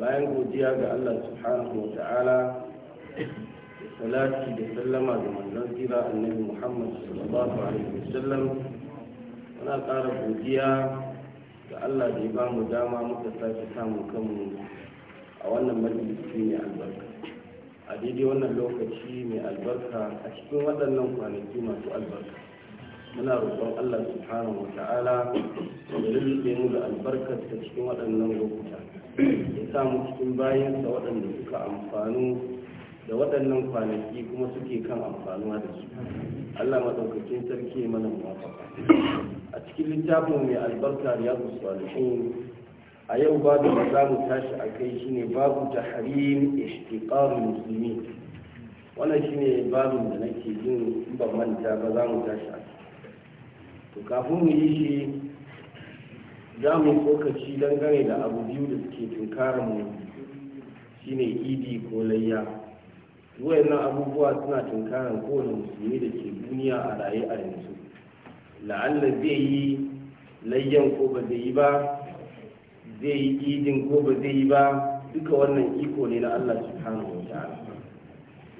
bayan godiya ga Allah subhanahu wa ta'ala da salati da sallama da manzon tsira annabi Muhammad sallallahu alaihi wasallam muna ƙara godiya ga Allah da ya ba mu dama muka sake samu kanmu a wannan majalisi mai albarka a daidai wannan lokaci mai albarka a cikin waɗannan kwanaki masu albarka muna roƙon Allah subhanahu wa ta'ala da rubuce mu da albarkar ta cikin waɗannan lokuta samu cikin bayansa waɗanda suka amfanu da waɗannan kwanaki kuma suke kan amfanuwa da su allah maɗaukakin sarki mana mafaka a cikin littafin mai albarka ku salihin a yau babu da za mu tashi a kai shine babu harin ishtiqarul musulmi wannan shine Babu da nake jin ba manta ba za mu tashi a to kafin mu yi shi za mu yi tsokaci dangane da abu biyu da suke tunkarar mu shine idi ko layya nan abubuwa suna tunkarar kowane musulmi da ke duniya a raye a yanzu la'alla zai yi layyan ko ba zai yi ba zai yi idin ko ba zai yi ba duka wannan iko ne na allah subhanahu wa ta'ala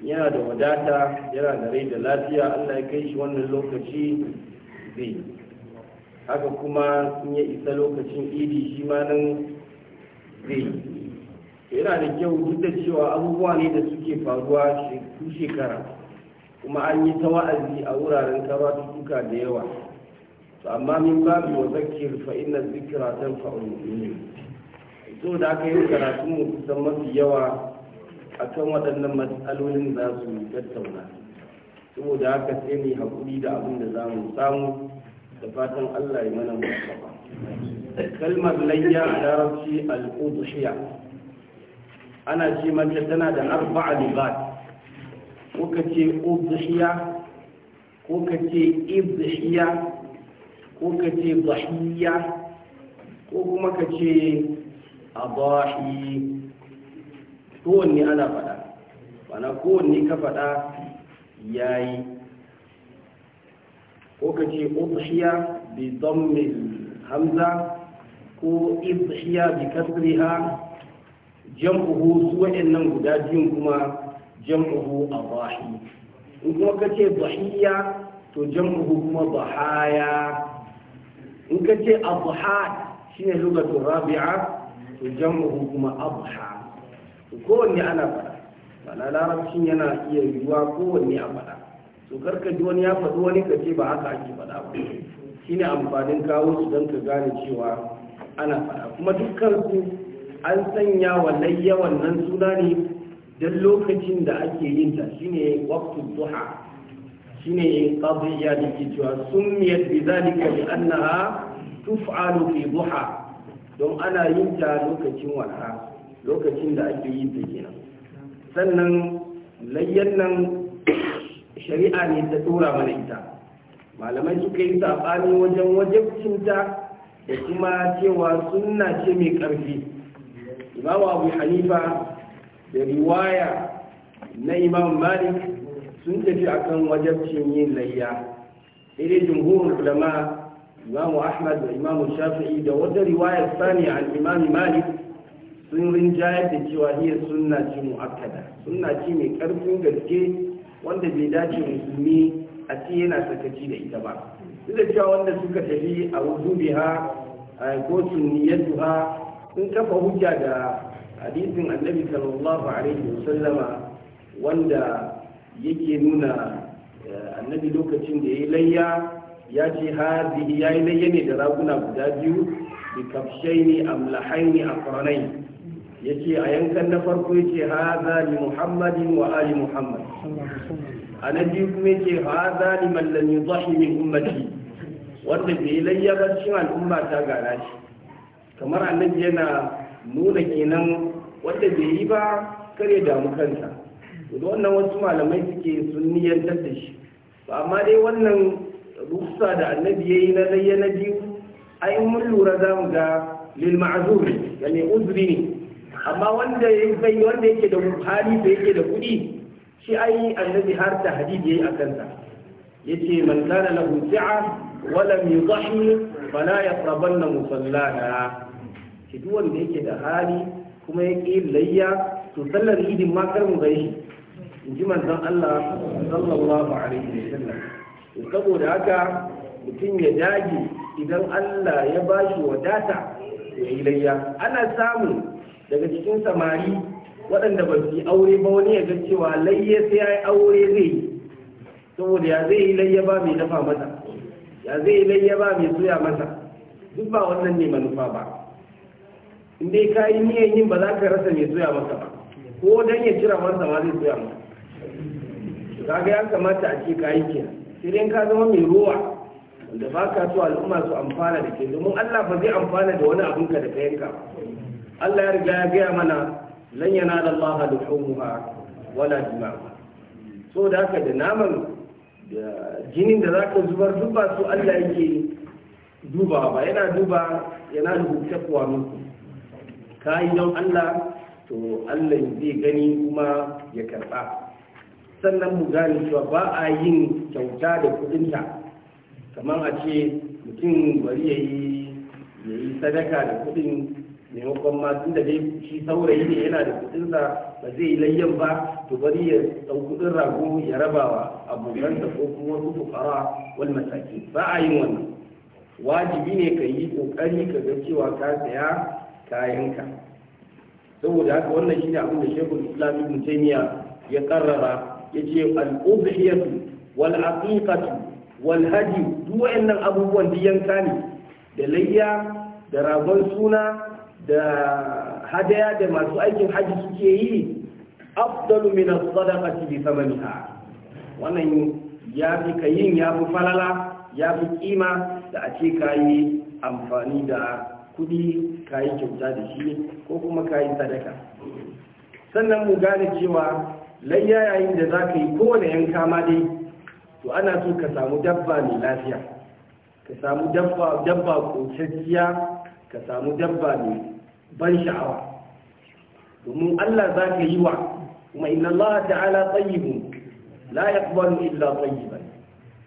yana da wadata yana da rai da lafiya allah ya kai shi wannan lokaci zai yi haka kuma sun ya isa lokacin idi shi ma nan zai yana da kyau duk da cewa abubuwa ne da suke faruwa su shekara kuma an yi ta wa'azi a wuraren karatuka da yawa to amma min mu wa zakir fa inna zikra tanfa'u mu'minin so da aka yi karatu mu kusan mafi yawa akan waɗannan matsalolin za su tattauna saboda haka sai mu hakuri da abin da za mu samu da fatan Allah ya mana musafa kalmar layya a larabci al ana ce mata tana da arba'a libat ko ka ce udhiya ko ka ce Ibushiya, ko ka ce dhahiya ko kuma ka ce adahi kowanne ana faɗa bana kowanne ka faɗa yayi ko ka ce udhiya bi dhammil hamza ko udhiya bi kasriha jam'uhu su wa'annan guda biyun kuma jam'uhu adahi in kuma ka ce dhahiya to jam'uhu kuma dhahaya in ka ce adha shine lugatu rabi'a to jam'uhu kuma adha kowanne ana faɗa ma'ana larabcin yana iya yiwuwa kowanne a faɗa to karka ji wani ya faɗi wani ka ce ba haka ake faɗa ba shine amfanin kawo su don ka gane cewa ana faɗa kuma dukkan su an sanya wa layya wannan suna ne don lokacin da ake yin ta shine waqtul duha shine qadiyya da ke cewa summiyat bi zalika li annaha tuf'alu fi duha don ana yin ta lokacin wata lokacin da ake yin ta kenan sannan layyan nan shari'a ne ta tura mana ita malamai suka yi saɓani wajen wajabcinta da kuma cewa sunna ce mai ƙarfi imamu abu hanifa da riwaya na imam malik sun tafi akan wajabcin yin layya sai Hurun ulama imamu ahmad da imamu shafi'i da wata riwaya sani an imami malik sun rinjayar da cewa hiyar sunna ce mu'akkada sunna ce mai ƙarfin gaske wanda bai dace musulmi a ce yana sakaci da ita ba duk da cewa wanda suka tafi a wuzubiha a kotun ha sun kafa hujja da hadisin annabi sallallahu alaihi wasallama wanda yake nuna eh, annabi lokacin da ya yi layya ya ce ha ya yi layya ne da raguna guda biyu bi kafshai ne amlahai a kwaranai yake a yankan na farko yake haza li muhammadin wa ali muhammad a na biyu kuma yake haza li man lam yudhi min ummati wanda bai layya ba cikin al'umma ta gana shi kamar annabi yana nuna kenan wanda bai yi ba kare damu kansa da wannan wasu malamai suke sun da shi ba amma dai wannan rusa da annabi ya yi na layya na biyu ai mun lura za mu ga lil ma'azuri yani uzuri ne amma wanda ya bai wanda yake da hali da yake da kuɗi shi ai annabi har ta Ya yayi akan sa yace man kana lahu sa'a wa lam yudhi fala yaqrabanna musallana shi duk wanda yake da hali kuma ya yake layya to sallar idin ma kar mu gani in ji manzon Allah sallallahu alaihi saboda haka mutum ya dage idan Allah ya bashi wadata ya yi layya ana samu daga cikin samari waɗanda ba su aure ba wani ya ga cewa layye sai ya yi aure zai yi saboda ya zai yi layya ba mai dafa masa ya zai yi layya ba mai soya masa duk ba wannan ne manufa ba in dai ka yi niyan yin ba za ka rasa mai soya masa ba ko dan ya jira masa ma zai soya masa kaga ya kamata a ce ka yi kenan sai dai ka zama mai ruwa da ba ka so al'umma su amfana da ke domin allah ba zai amfana da wani abinka da ka yanka ba Allah ya riga ya gaya mana lan da Allah duhumuha wala dima'uha so da haka da naman da jinin da zaka zubar duba su Allah yake duba ba yana duba yana rubuta kuwa muku kai don Allah to Allah zai gani kuma ya karba sannan mu gane cewa ba a yin kyauta da kudinta kamar a ce mutum bari ya yi sadaka da kudin maimakon ma tun da dai shi saurayi ne yana da kudinsa ba zai yi layyan ba to bari ya ɗau kudin rago ya rabawa abokansa ko kuma wasu fukara wal masaki ba a yin wannan wajibi ne ka yi kokari ka ga cewa ka saya kayanka saboda haka wannan shine abin da shekul islam ibn taymiya ya karrara ya al-udhiyatu wal aqiqatu wal hadi duk wayannan abubuwan da yanka ne da layya da ragon suna da hadaya da masu aikin haji suke yi afdalu min as-sadaqati bi thamaniha wannan ya fi kayin ya fi falala ya fi kima da a ce ka amfani da kudi ka kyauta da shi ko kuma ka sadaka sannan mu gane cewa layya yayin da za ka yi kowane yanka ma dai to ana so ka samu dabba mai lafiya ka samu dabba kocacciya ka samu dabba mai ban sha'awa domin Allah za ka yi wa kuma inna Allah ta'ala tsayibu la yaqbalu illa tayyiban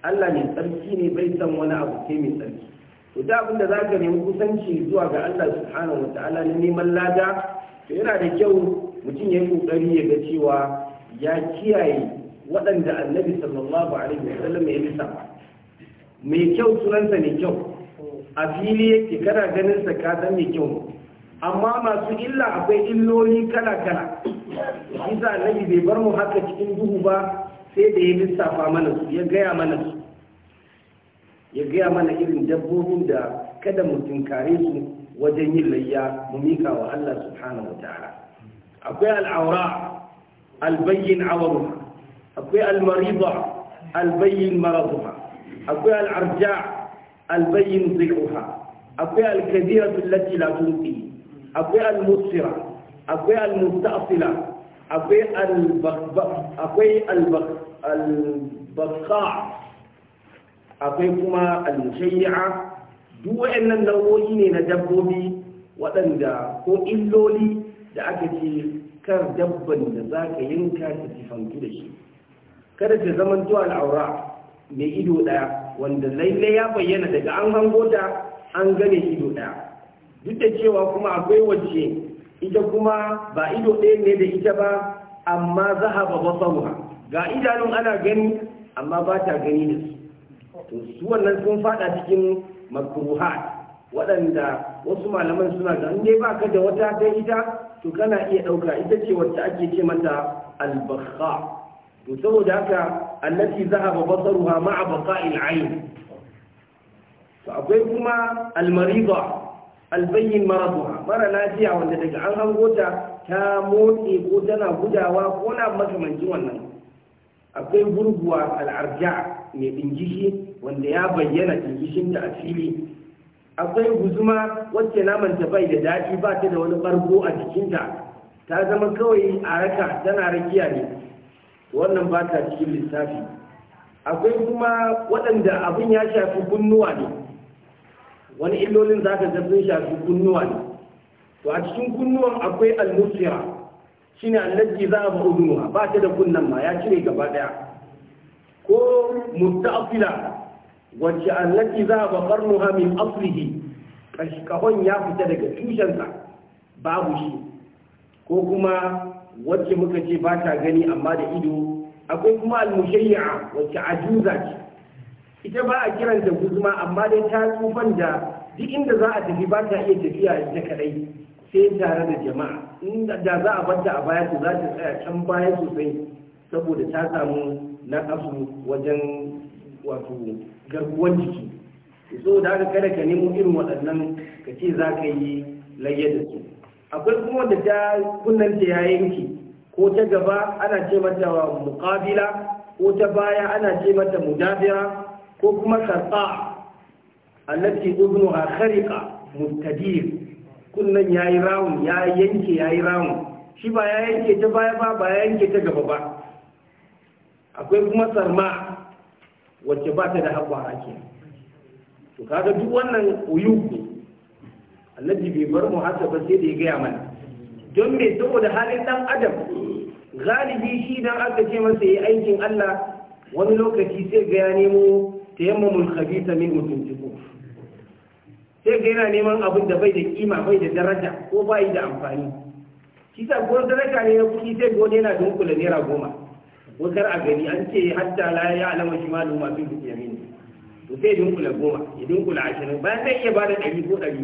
Allah mai tsarki ne bai san wani abu sai mai tsarki to da abin da za ka nemi kusanci zuwa ga Allah subhanahu Ta'ala, na neman lada to yana da kyau mutum ya yi kokari ya ga cewa ya kiyaye waɗanda annabi sallallahu alaihi sallam ya lissa mai kyau sunansa mai kyau a fili yake kana ganin sa ka san mai kyau amma masu illa akwai illoli kala-kala isa annabi bai bar mu haka cikin duhu ba sai da ya lissafa mana su ya gaya mana su ya gaya mana irin dabbobin da kada mu tunkare su wajen yin layya mu mika wa Allah subhanahu wataala akwai al'aura albayyin awaruha akwai almarida albayyin maraduha akwai al'arja albayyin zai'uha akwai alkaziratu allati la tunqi akwai al-musira akwai al-musta'sila akwai al-baqa akwai kuma al-mushayya duk waɗannan nau'o'i ne na dabbobi waɗanda ko illoli da aka ce kar dabban da za ka yanka ta tifantu da shi kada ta zaman al'aura mai ido ɗaya wanda lailai ya bayyana daga an hango ta an gane ido ɗaya duk da cewa kuma akwai wacce ita kuma ba ido ɗaya ne da ita ba amma zahaba basaruha ga idanun ana gani amma ba ta gani da su to su wannan sun fada cikin makruha waɗanda wasu malaman suna da in ba baka da wata ta ita to kana iya ɗauka ita ce wacce ake ce mata albakha to saboda haka allati zahaba basaruha ma'a baqa'il ayn to akwai kuma almariba albayin maraduha mara lafiya wanda daga an hango ta ta motsi ko tana gudawa ko na makamancin wannan akwai gurguwa al'arja mai ɗingishi wanda ya bayyana ɗingishin da a fili akwai guzuma wacce namanta bai da daɗi ba ta da wani ɓargo a jikinta ta zama kawai a raka tana rakiya ne wannan ba ta cikin lissafi akwai kuma waɗanda abin ya shafi kunnuwa ne wani illolin za ka zafin shafi kunnuwa ne to a cikin kunnuwan akwai al-musira shine allaji za a ba'udunuwa ba ta da kunnan ma ya cire gaba daya ko mutafila wacce allaji za a mai min aslihi kahon ya fita daga tushensa babu shi ko kuma wacce muka ce ba ta gani amma da ido akwai kuma al wacce ajuza ita ba a kiranta guzuma amma dai ta tsufan da duk inda za a tafi ba ta iya tafiya ita kadai sai tare da jama'a inda da za a barta a baya to za ta tsaya can baya sosai saboda ta samu na asu wajen wato garkuwar jiki da haka kada ka nemo irin waɗannan ka ce za ka yi layya da su akwai kuma wanda ta ta ya yanki ko ta gaba ana ce mata muƙabila ko ta baya ana ce mata mudabira ko kuma sarfa allati udnuha khariqa kunan kunnan yi rawun ya yanke ya yi rawun shi ba ya yanke ta baya ba ba ya yanke ta gaba ba akwai kuma sarma wacce ba ta da haƙwara ake to kaga duk wannan uyuk ne bai bar mu hasa ba sai da ya gaya mana don me da halin ɗan adam galibi shi dan aka ce masa ya yi aikin Allah wani lokaci sai ga ya nemo tayammamul khabitha min utuntiku sai ga yana neman abin da bai da kima bai da daraja ko bai da amfani shi ta ko daraja ne na kuɗi sai ga wani yana dunkula naira goma wakar a gani an ce hatta la ya alama shi ma luma fi buki yamin to sai dunkula goma ya dunkula ashirin bayan zai iya bada ɗari ko ɗari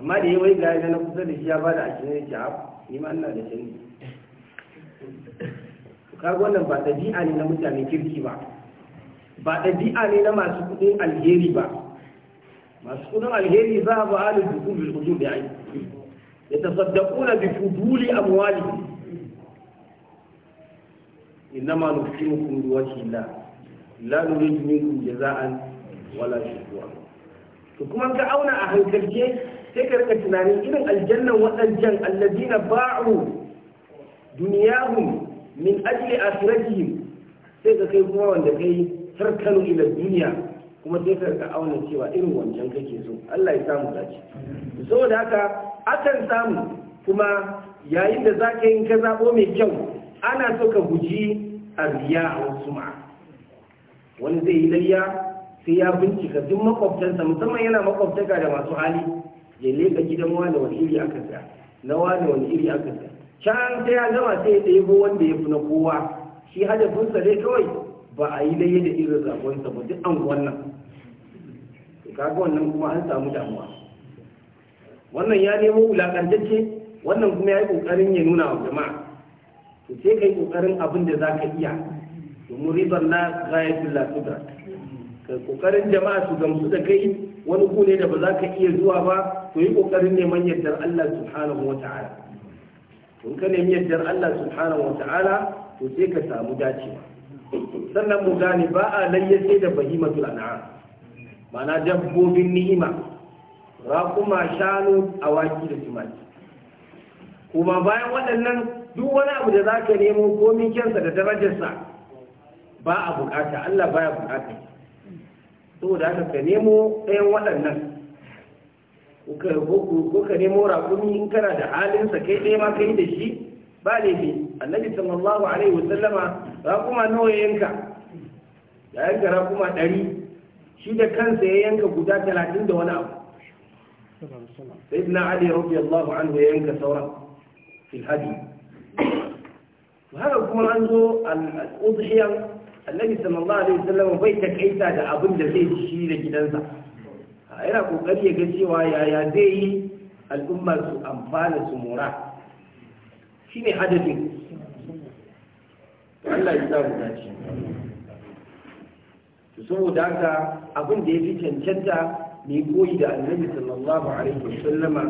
amma da yawai ga yana na kusa da shi ya bada ashirin ya ce a ni ma ina da canji kaga wannan ba ɗabi'a ne na mutane kirki ba ba ɗabi'a ne na masu kudin alheri ba masu kudin alheri za a ba halin dukkan bilkudu da ai ya tasaddaku na bi fuduli amwali inna ma nufi mukum bi wajhillah la ya za jaza'an wala shukura to kuma ka auna a hankalce sai ka rika tunanin irin aljannan waɗancan allazina ba'u duniyahum min ajli akhiratihim sai ka kai kuma wanda kai tarkanu ila duniya kuma sai ka auna cewa irin wancan kake so Allah ya samu dace saboda haka akan samu kuma yayin da zaka yin ka zabo mai kyau ana so ka guji arriya a wasuma wani zai yi layya sai ya bincika duk makwabtansa musamman yana makwabtaka da masu hali ya leka gidan wani wani iri aka sa na wani wani iri aka sa can sai ya gama sai ya ɗebo wanda ya fi na kowa shi hadafinsa dai kawai ba a yi laye da irin zagonsa ba duk an wannan kaga wannan kuma an samu damuwa wannan ya nemo wulakantacce wannan kuma ya yi kokarin ya nuna wa jama'a to sai kai kokarin abin da za ka iya domin ribar na ghayatul lasudra ka kokarin jama'a su gamsu da kai wani ku ne da ba za ka iya zuwa ba to yi kokarin neman yardar Allah subhanahu wa ta'ala kun ka nemi yardar Allah subhanahu wa ta'ala to sai ka samu dacewa sannan mu gane ba a layyace da bahimatul an'am mana dabbobin ni'ima raƙuma shanu awaki da tumaki kuma bayan waɗannan duk wani abu da zaka nemo komin kyansa da darajarsa ba a bukata Allah baya bukata saboda haka ka nemo ɗayan waɗannan ko ka nemo raƙumi in kana da halinsa kai ɗaya ma kai da shi ba laifi annabi sallallahu alaihi wasallama raƙuma nawa ya yanka ya yanka raƙuma ɗari shi da kansa ya yanka guda talatin da wani abu sai na ali rabbi allahu anhu ya yanka sauran fil hadi haka kuma an zo al'udhiyan annabi sallallahu alaihi wasallam bai takaita da abin da zai ci shi da gidansa yana kokari ya ga cewa yaya zai yi al'umma su amfana su mora ne hadafin Allah ya sa mu dace to saboda haka abin da yafi cancanta ne koyi da annabi sallallahu alaihi wa sallama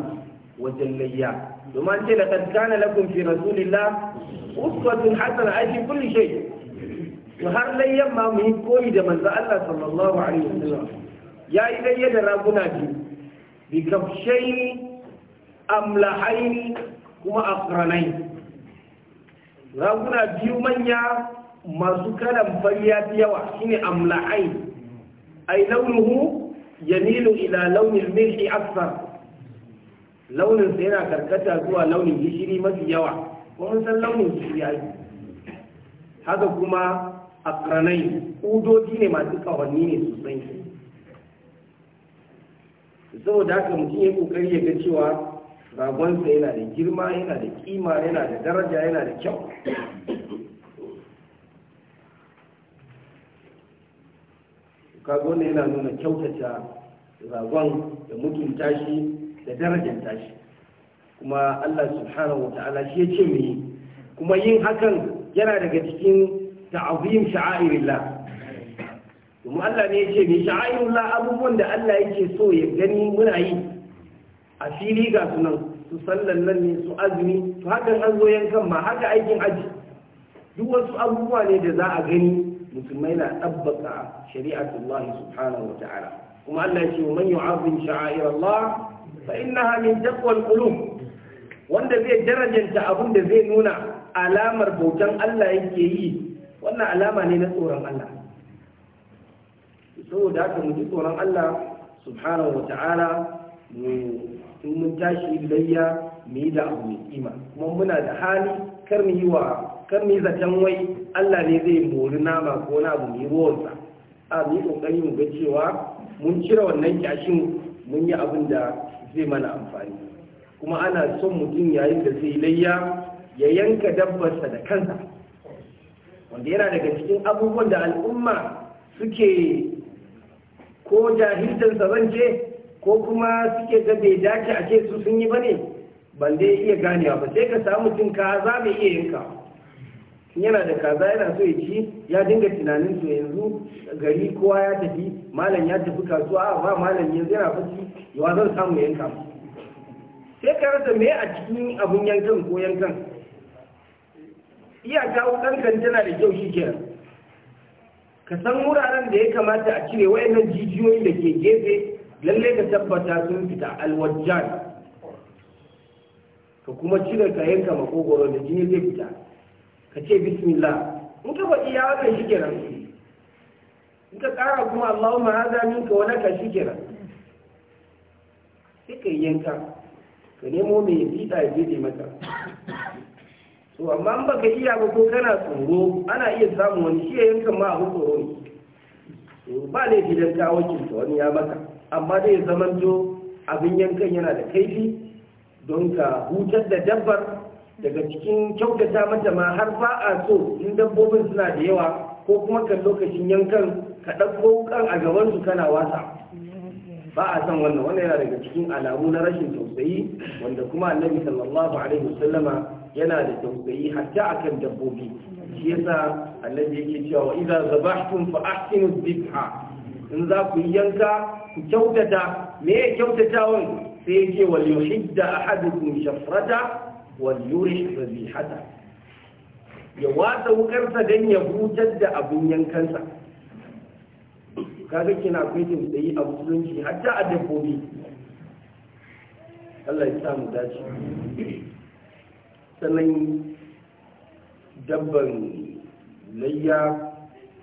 wajen layya domin ce da kaskana lakum fi rasulillah uswatun hasana aiki cikin kulli shay to har layyan ma mu yi koyi da manzo Allah sallallahu alaihi wa Ya yi layya da raguna biyu bi kafshaini amlahaini kuma aqranaini raguna biyu manya masu kalan fariya fi yawa shine amla'ai ai launuhu yamilu ila launin milhi aksar launin sa yana karkata zuwa launin gishiri mafi yawa kuma san launin gishiri ai haka kuma akranai udoji ne masu kawanni ne sosai saboda haka mutum ya ƙoƙari ya ga cewa ragonsa yana da girma yana da kima yana da daraja yana da kyau kago yana nuna kyautata ragon da mutunta shi da darajanta shi kuma allah subhanahu wa shi ya ce mai kuma yin hakan yana daga cikin ta'azim sha'airillah kuma allah ne ya ce mai sha'airillah abubuwan da allah yake so ya gani muna yi a fili ga sunan su sallan nan ne su azumi su hakan an zo yankan ma haka aikin aji duk wasu abubuwa ne da za a gani musulmai na tabbata shari'atullah subhanahu wa ta'ala kuma Allah ya ce man yu'azzim sha'air Allah fa innaha min taqwal qulub wanda zai darajanta abun da zai nuna alamar bautan Allah yake yi wannan alama ne na tsoron Allah saboda haka mu ji tsoron Allah subhanahu wa ta'ala mu in mun tashi layya mu yi da abu mai kima kuma muna da hali kar mu yi wa kar mu yi zaton wai Allah ne zai mori nama ko na abu mai ruwansa a mu yi kokari mu ga cewa mun cire wannan kyashin mun yi abin da zai mana amfani kuma ana son mutum yayin da zai layya ya yanka dabbarsa da kansa wanda yana daga cikin abubuwan da al'umma suke ko jahilcin zan je ko kuma suke ga bai dace a ce su sun yi ba ne ban dai iya ganewa ba sai ka samu mutum kaza mai iya yanka yana da kaza yana so ya ci ya dinga tunanin to yanzu gari kowa ya tafi malam ya tafi kasuwa a ba malam yanzu yana fashi yawa zan samu yanka sai ka rasa me a cikin abun yankan ko yankan iyaka kankan tana da kyau shi kenan ka san wuraren da ya kamata a cire wayannan jijiyoyi da ke gefe lalle ka tabbata sun fita alwajjan ka kuma cire ka yanka makogoro da jini zai fita ka ce bismillah in ka faɗi ya wannan shi kenan in ka ƙara kuma allahumma haza ka wani ka shi kenan sai ka yanka ka nemo mai fita ya je maka to amma in baka iya ba ko kana tsoro ana iya samun wani shi ya yanka ma a hukuro ne ba laifi don kawo kinta wani ya maka amma dai ya zamanto abin yankan yana da kaifi don ka hutar da dabbar daga cikin kyautata mata ma har ba a so in dabbobin suna da yawa ko kuma kan lokacin yankan ka ɗauko kan a su kana wasa ba a san wannan wannan yana daga cikin alamu na rashin tausayi wanda kuma annabi sallallahu alaihi wasallama yana da tausayi hatta akan dabbobi shi yasa annabi yake cewa idza zabahtum fa ahsinu dhibha in za ku yanka kyautata me ya kyautata sai ya ce wal yuhidda ahadukum shafrata wal yurih zabihata ya watsa wukarsa dan ya hutar da abun yankansa kaga kina akwai tausayi a musulunci hatta a dabbobi Allah ya sa mu dace sannan dabban layya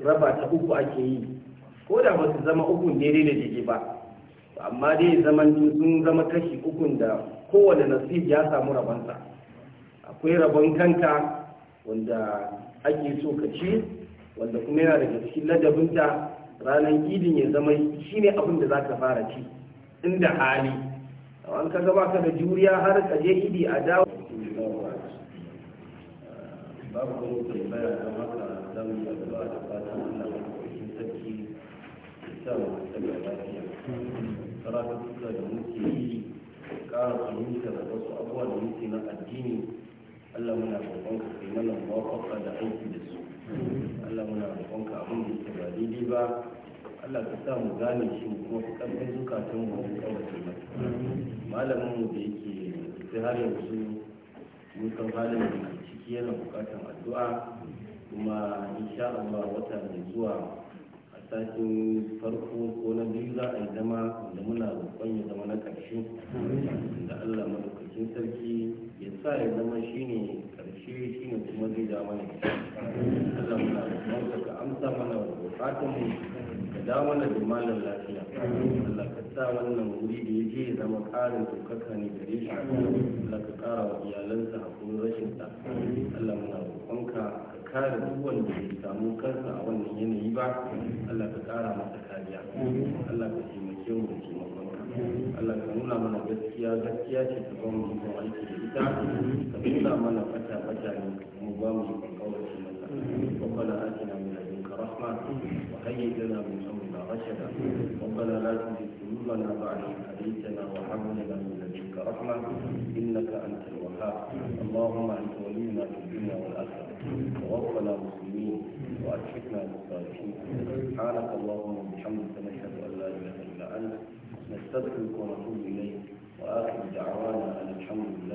raba ta uku ake yi ko da ba su zama ukun daidai da daidai ba amma dai zaman sun zama kashi ukun da kowane nasib ya samu rabonsa akwai rabon kanka wanda ake so ka ci wanda kuma yana daga cikin ladabinta ranar idin ya zama shi ne abin da za ka fara ci inda hali an ka gaba ka da juriya har ka je idi a dawo babu kuma maka da ba samu daga lafiya karatuka da muke yi ƙara fahimtar wasu abubuwa da muke na addini Allah muna roƙon ka kai mana muwafaqa da aiki da su Allah muna roƙon ka abin da yake ba daidai ba Allah ka sa mu gane shi kuma ka karfin zukatan mu mu kawace ba malamin mu da yake sai har yanzu mun san halin da ciki yana buƙatar addu'a kuma insha Allah wata mai zuwa satin farko ko na biyu za a yi zama da muna roƙon ya zama na ƙarshe da Allah madaukakin sarki ya sa ya zama ne ƙarshe ne kuma zai ja mana Allah muna roƙon ka amsa mana buƙatun mu ka da mana da malam lafiya Allah ka sa wannan wuri da yake ya zama ƙarin ɗaukaka ne gare shi Allah ka ƙara wa iyalansa hakurin rashin sa Allah muna roƙon ka ka kare duk wanda ya samu kansa a wannan yanayi ba Allah ka kara masa kariya Allah ka taimake mu da taimakon Allah ka nuna mana gaskiya gaskiya ce ta ba mu yi aiki da ita ka nuna mana fata fata ne mu ba mu yi kankawar shi masa wabbala atina min ladin ka rahma wa hayyi lana min amrin la rashada wabbala la tuji sulmana ba'da hadithana wa hamdana min ladin ka rahma innaka antal wahhab allahumma anta waliyuna fid dunya wal akhirah wa waffana muslimin wa akhirna muslimin سبحانك اللهم وبحمدك نشهد أن لا إله إلا أنت نستغفرك ونتوب إليك وآخر دعوانا أن الحمد لله